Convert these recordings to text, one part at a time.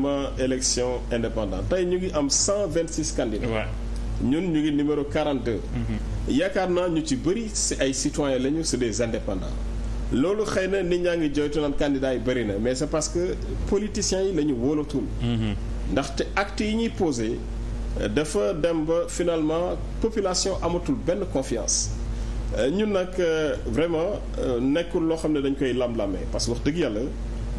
ma élection indépendant tey ñu ngi am cent vingt six candidats ñun ñu ngi numéro quarante mm-hmm. yaakaar naa ñu ci bëri si ay citoyens lañu c'est des indépendants loolu xëy na nit ñaa ngi joytu naan candidats yi bëri na mais c'est parce que politiciens yi la ñu wóolatul mm-hmm. ndaxte actes yi ñuy posé dafa dem ba finalement population amatul benn confiance euh, ñun nag euh, vraiment euh, nekkul loo xam ne dañ koy lam-lamee parce que wax dëgg yàlla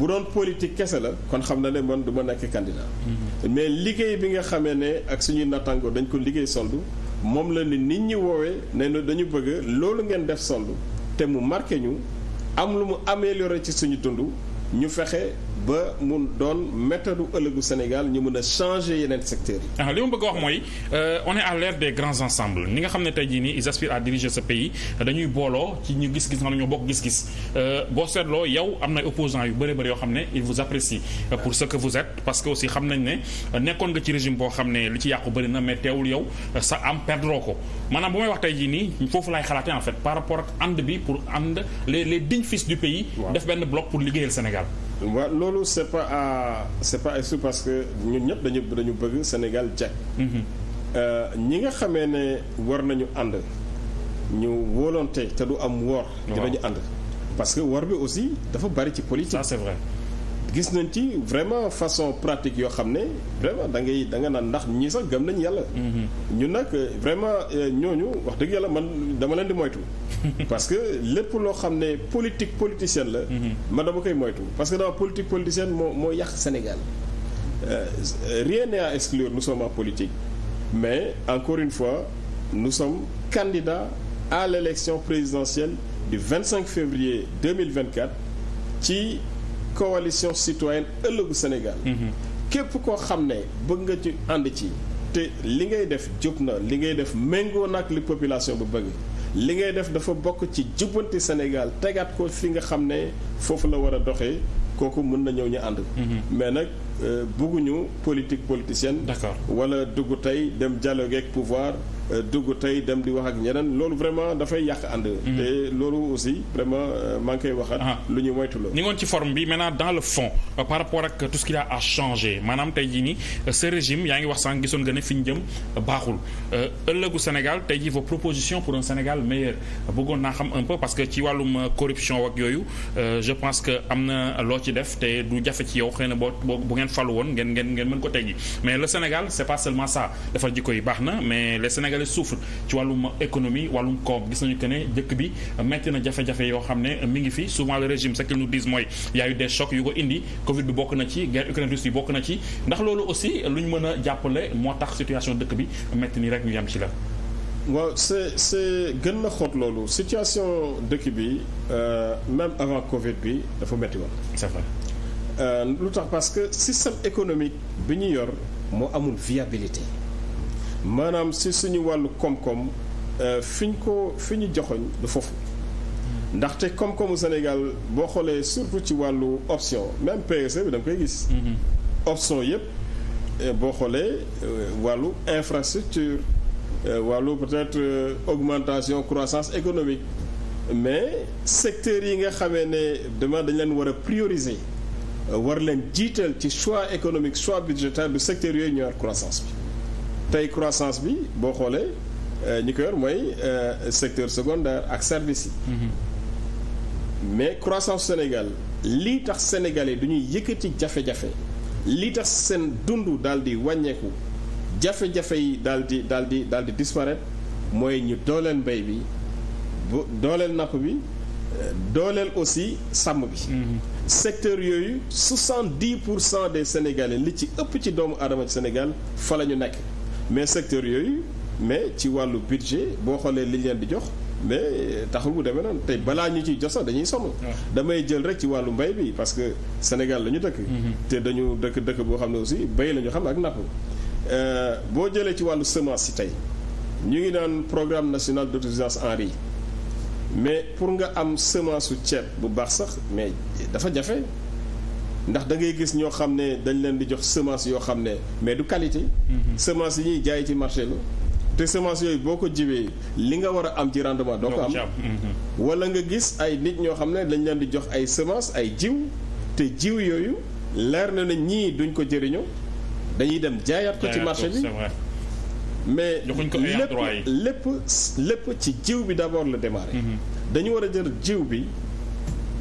bu doon politique kese la kon xam na ne man du ma nekk candidat mhm. mais liggéey bi nga xamee ne ak suñuy nattango dañ ko liggéey soldu moom la ni nit ñi woowee ne na dañu bëgg loolu ngeen def soldu te mu marqué ñu am lu mu amélioré ci suñu dund ñu fexe ba mu doon méthode ëllëgu Sénégal ñu mën a changer yeneen secteur ah, li mu bëgg a wax mooy euh, on est à l'ère des grands ensembles ñi nga xam ne tey jii nii ils aspirent à diriger ce pays dañuy booloo ci ñu gis-gis nga xam ñoo bokk gis-gis euh, boo seetloo yow am na opposants yu bëri bëri yoo xam ne ils vous apprécient euh, pour ce que vous êtes parce que aussi xam nañ ne nekkoon nga ci régime boo xam ne li ci yàqu bëri na mais teewul yow sa am perdroo ko maanaam bu may jii nii foofu laay xalaatee en fait par rapport ak ànd bi pour ànd les les dignes fils du pays. pour liggéeyal Sénégal. waa loolu c'est pas à c'est pas exclu parce que ñun ñëpp dañu dañu bëgg Sénégal jag mm-hmm. euh, ñi nga xamee ne war nañu ànd ñu volonté te du am woor dinañu ànd parce que woor bi aussi dafa bari ci politique ça c'est vrai gis nañ ci vraiment façon pratique yoo xam ne vraiment da ngay da nga naan ndax ñii sax gëm nañ yàlla mm-hmm. ñun nag vraiment euh, ñooñu wax dëgg yàlla man dama leen di moytu parce que lépp loo xam ne politique politicienne la. Mhm. ma dama koy moytu parce que dama politique politicienne moo moo yàq Sénégal. Euh, rien n'est à exclure nous sommes en politique mais encore une fois nous sommes candidats à l'élection présidentielle du février ci coalition citoyenne ëllëgu Sénégal. Mhm. képp koo xam ne bëgg nga ci ànd ci. te li ngay def jóg na li ngay def méngoo nag li population bu bëgg. li ngay def dafa bokk ci jubante Sénégal tegaat ko fi nga xam ne foofu la war a doxee kooku mën na ñëw ñu ànd. Mhm. mais nag euh, bëgguñu politique politicienne. d'accord wala dugg tey dem dialogue geek pouvoir. Euh, dugg tey dem di wax ak ñeneen loolu vraiment dafay yàq ànd. Hmm. te loolu aussi vraiment euh, maa ngi koy waxaat. Ah. lu ñu moytu la. ñu ngoon ci forme bi maintenant dans le fond euh, par rapport ak tout ce qu'il y a à changer maanaam tey jii nii ce régime yaa ngi wax sànq gisoon nga ne fi ñu jëm baaxul ëllëgu Sénégal tey jii vos propositions pour un Sénégal meilleur bëggoon naa xam un peu parce que ci wàllum corruption ak yooyu je pense que am na loo ci def te du jafe ci yow xëy na boo bu ngeen falu woon ngeen ngeen ngeen mën ko teggi mais le Sénégal c'est pas sénégalais souffre ci wàllum économie wàllum koom gis nañu que ne dëkk bi metti na jafe-jafe yoo xam ne mi ngi fi souvent le régime ce qu'ils nous disent mooy y de eu des yu ko indi Covid bi bokk na ci guerre Ukraine Russie bokk na ci ndax loolu aussi lu ñu mën a jàppale moo tax situation dëkk bi metti nii rek ñu yem ci la. waaw c'est c'est gën na xóot loolu situation dëkk bi euh, même avant Covid bi dafa metti woon. c'est euh, lu tax parce que système économique bi ñu yor moo amul viabilité. maanaam si suñu wàllu koom-koom euh, fi ñu ko fi ñu joxoñ du foofu ndaxte koom-koomu Sénégal boo xoolee surtout ci wàllu option même PSE bi da nga koy gis mm-hmm. option yëpp euh, boo xoolee euh, wàllu infrastructure wàllu peut-être augmentation croissance économique mais secteurs yi nga xamee ne demain dañ leen war a prioriser war leen jiital ci choix économique choix budgétaire du secteur yooyu ñëwaat croissance bi tey croissance bi boo xoolee euh, ñi ko yor mooy euh, secteur secondaire ak service yi. Mm-hmm. mais croissance Sénégal lii tax sénégalais du ñuy yëkkati jafe-jafe lii tax seen dund daal di wàññeeku jafe-jafe yi daal di daal di daal di disparaître mooy ñu dooleel mbay bi bu dooleel napp bi euh, dooleel aussi sàmm bi. Mm-hmm. secteur yooyu 70 pour cent de sénégalais li ci ëpp ci doomu aadama ci Sénégal fa la ñu nekk. mais secteur yooyu mais ci wàllu budget boo xoolee li leen di jox mais taxul mu demee noonu tey balaa ñu ciy jox sax dañuy sonn. damay jël rek ci wàllu mbay bi parce que Sénégal la ñu dëkk. Mhm. te dañu dëkk dëkk boo xam ne aussi bay la ñu xam ak napp. Euh, boo jëlee ci wàllu semence yi tey ñu ngi naan programme national d'autosuffisance en riz mais pour nga am semence su ceeb bu baax sax mais dafa jafe. ndax da ngay gis ñoo xam ne dañ leen di jox semence yoo xam ne mais du qualité. Mhm. semence yi ñuy jaay ci marché la. te semence yooyu boo ko jiwee li nga war a am ji rendement doo ko am mhm. wala nga gis ay nit ñoo xam ne dañ leen di jox ay semence ay jiw te jiw yooyu leer na ne ñii duñ ko jëriñoo dañuy dem jaayaat ko ci marché bi mais lépp lépp lépp ci jiw bi d'abord la démarré mhm. dañu war a jël jiw bi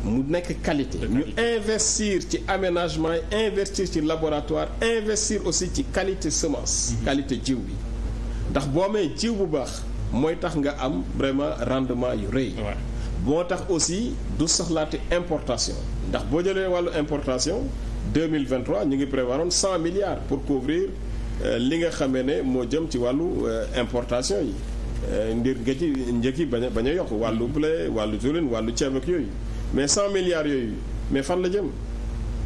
mu nekk qualité ñu investir ci aménagement yi investir ci laboratoire investir aussi ci qualité semence mhm. qualité jiw bi ndax boo amee jiw bu baax mooy tax nga am vraiment rendement yu rëy moo tax aussi du soxlaate importation ndax boo jëlee wàllu importation 2023 ñu ngi prévoiroon 100 milliards pour couvrir euh, li nga xamee ne moo jëm ci wàllu euh, importation yi euh, ndir nga ci njëg yi bañ a bañ a yokk wàllu blé wàllu julin wàllu ceeb yooyu mais cent milliards yooyu mais fan la jëm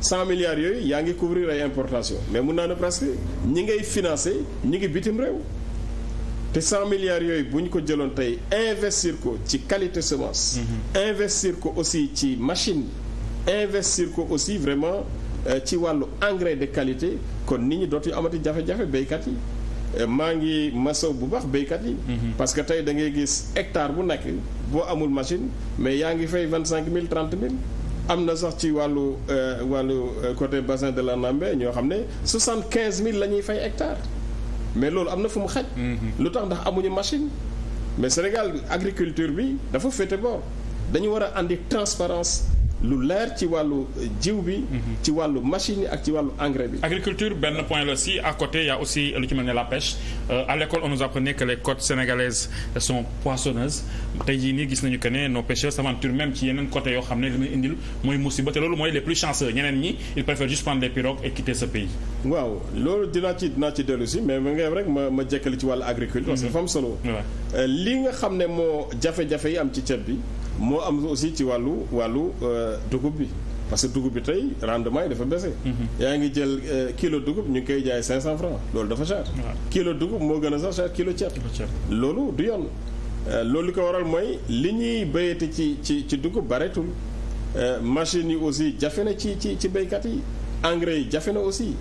cent milliards yooyu yaa ngi couvrir ay importation mais mun naa ne presque ñi ngay financé ñi ngi bitim réew te cent milliards yooyu bu ñu ko jëloon tey investir ko ci qualité semence. Mm-hmm. investir ko aussi ci machine investir ko aussi vraiment euh, ci wàllu engrais de qualité kon nit ñi dootuñu amati jafe-jafe béykat yi. Euh, maa ngi masaw bu bax baykat yi. Mm-hmm. parce que tey da ngay gis hectare bu nekk. boo amul machine mais yaa ngi fay vingt cinq mille trente mille am na sax ci wàllu euh, wàllu euh, côté bassin de la Nambé ñoo xam ne soixante quinze mille la ñuy fay hectare mais loolu am na fu mu xaj. Mhm. lu tax ndax amuñu machine. mais Sénégal agriculture bi dafa féete boor dañu war a àndi transparence lu leer ci wàllu euh, jiw bi. Mhm. ci wàllu machine yi ak ci wàllu engrais bi. agriculture benn point la si à côté y' a aussi euh, lu ci mel ne la pêche euh, à l' école on nous apprenait que les côtes sénégalaises sont poissonneuses tey jii nii gis nañu que ne nos pêcheurs s'aventurent même ci yeneen côté yoo xam ne li muy indil mooy musiba te loolu mooy les plus chanceux ñeneen ñi ils préfèrent juste prendre les pirogues et quitter ce pays. waaw loolu dinaa ci dinaa ci dellu si mais ma ngay rek ma ma jékkali ci wàllu agriculture. parce que dafa am solo. Euh, li nga xam ne moo jafe yi am ci ceeb bi. moo am aussi ci wàllu wàllu euh, dugub bi parce que dugub bi tey rendement yi dafa baissé. Mhm. yaa ngi jël euh, kilo dugub ñu ngi koy jaay cinq cent francs loolu dafa cher. kilo dugub moo gën a sax cher kilo ceeb. loolu du yoon. Euh, loolu li ko waral mooy li ñuy béyate ci ci ci dugub bareetul machines yi aussi jafe na ci ci ci béykat yi engrais yi jafe na aussi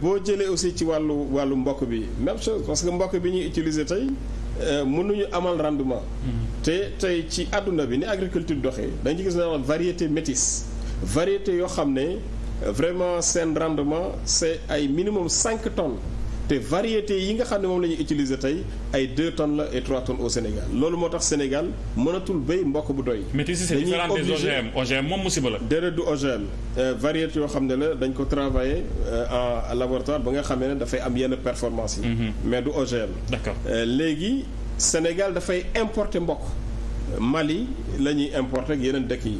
boo jëlee aussi ci wàllu wàllu mbokk bi même chose parce que mbokk bi ñuy utiliser tey. Euh, mënuñu amal rendement. Mm-hmm. te tey ci àdduna bi ni agriculture doxee dañu gis na variété métisse variété yoo xam ne vraiment seen rendement c'est ay minimum cinq tonnes. te variété yi nga xam ne moom la ñuy utiliser tey ay deux tonnes la et trois au Sénégal loolu moo tax Sénégal mënatul béy mbokk bu doy. mais si c'est différent des OGM OGM moom musiba la. déedéet du OGM euh, variété yoo xam ne la dañ ko travailler euh, en laboratoire ba nga xamee ne dafay am yenn performance yi. Mhm. mais du OGM. Euh, léegi Sénégal dafay importer mboq Mali la ñuy importer ak yeneen dëkk yi.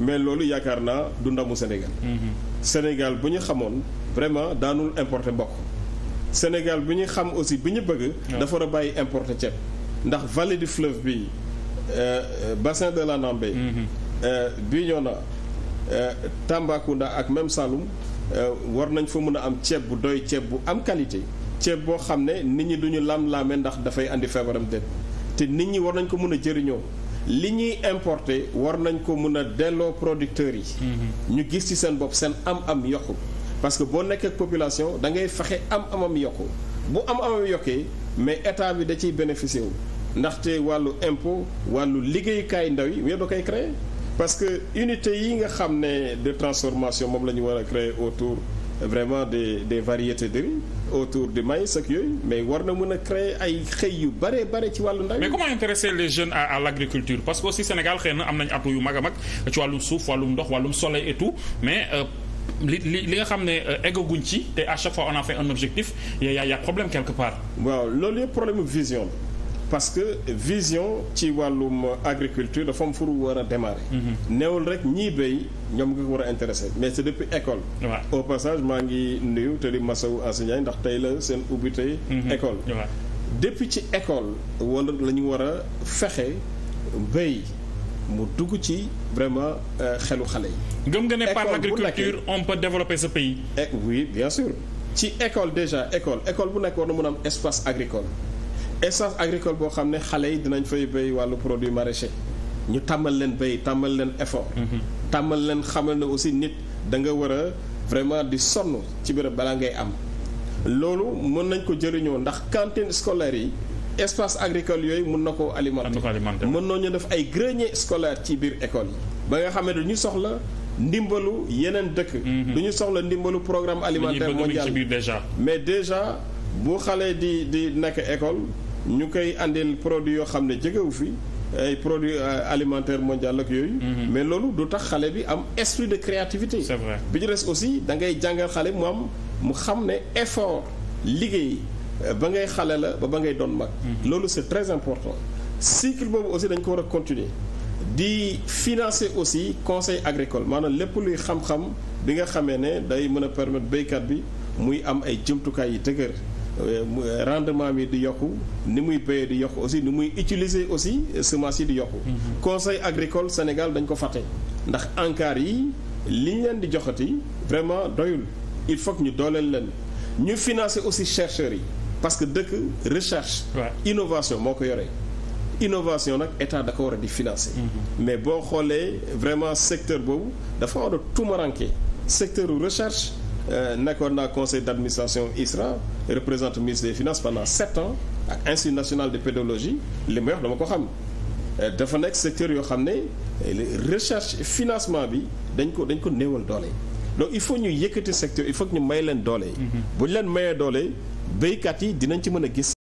mais loolu yaakaar naa du ndamu Sénégal. Mhm. Sénégal bu ñu xamoon vraiment daanul importer mboq. Sénégal bi ñuy xam aussi bi ñu bëgg. dafa war a bàyyi importe ceeb. ndax vallée de fleuve bi euh, bassin de la bi na Bignona euh, Tambacounda ak même Saloum euh, war nañ fa mën a am ceeb bu doy ceeb bu am qualité. ceeb boo xam ne nit ñi du ñu lam-laame ndax dafay andi feebaram déet te nit ñi war nañ ko mën a jëriñoo. li ñuy importer war nañ ko mën a delloo producteurs yi. Mm-hmm. ñu gis ci seen bopp seen am-am yokku. parce que boo nekkee population da ngay fexe am amam yokku bu am amam yokkee mais état bi da ciy bénéficier wu ndaxte wàllu impôt wàllu liggéeyukaay ndaw yi yëpp da koy créer parce que unité yi nga xam ne de transformation moom la ñu war a créer autour vraiment des des variétés de riz autour du maïs ak yooyu mais war na mën a créer ay xëy yu bare bare ci wàllu ndaw mais comment intéresser les jeunes à à l' parce que aussi Sénégal xëy na am nañu atu yu ma a mag suuf wàllum ndox wàllum soleil et mais euh, li li nga xam ne euh, eggaguñ ci te à chaque fois on a fait un objectif y a y a problème quelque part. waaw loolu yëpp problème vision parce que vision ci wàllum agriculture dafa am fu war a démarrer. Mhm. neewul rek ñii béy ñoom nga ko war a intéressé mais c'est depuis école. waaw au passage maa ngi nuyu te di masawu enseignant ndax tey la seen ubbi tey. Mhm. école depuis ci école wala la ñu war a fexe béy. mu dugg ci vraiment euh, xelu xale yi. gëm nga ne par l'agriculture on peut développer ce pays. et eh, oui bien sûr ci école déjà école école bu nekk war na mën a am espace agricole espace agricole boo xam ne xale yi dinañ fay béy wàllu produit maraîcher ñu tàmbal leen béy tàmbal leen effort. Mhm. tàmbal leen xamal ne aussi nit da nga war a vraiment di sonn ci béréb balaa ngay am. loolu mën nañ ko jëriñoo ndax cantine scolaire yi. espace agricole yooyu mun na koo alimenter mën noo ñu def ay grenier scolaire ci biir école yi ba nga xam ne du ñu soxla ndimbalu yeneen dëkk mhm. du ñu soxla ndimbalu programme alimentaire mondial mais déjà bu xale di di nekk école ñu koy andil produit yoo xam ne jegewu fi ay produits euh, alimentaires mondial ak yooyu. Mhm. mais loolu du tax xale bi am esprit de créativité. c'est vrai ñu des aussi da ngay jàngal xale moom mu xam ne effort liggéey. ba ngay xale la ba ba ngay doon mag. Mhm. loolu c'est très important. cycle boobu aussi dañ ko war a continuer. di financer aussi conseil agricole maanaam lépp luy xam-xam bi nga xamee ne day mën a permettre béykat bi muy am ay jëmtukaay yi dëgër. Euh, euh, rendement mi di yokku ni muy béyee di yokku aussi ni muy utiliser aussi semence yi di yokku mhm. conseil agricole Sénégal dañ ko fàtte ndax ANCAR yi li ñu leen di joxati vraiment doyul il faut ñu dooleel leen ñu financer aussi chercheurs yi parce que dëkk recherche innovation moo ko yoree innovation nag état da ko war a di financer mhm. mais boo xoolee vraiment secteur boobu dafa war a tumaranke secteur recherche euh, nekkoon naa conseil d' administration ISRA représente ministre finance finances pendant sept ans ak institut national de pédologie li ma wax dama ko xam euh, dafa nekk secteur yoo xam ne euh, recherche financement bi dañ ko dañ ko néewal doole donc il faut ñu yëkkati secteur il faut ñu may leen doole mhm. leen mayee doole béykat yi dinañ ci mën a gis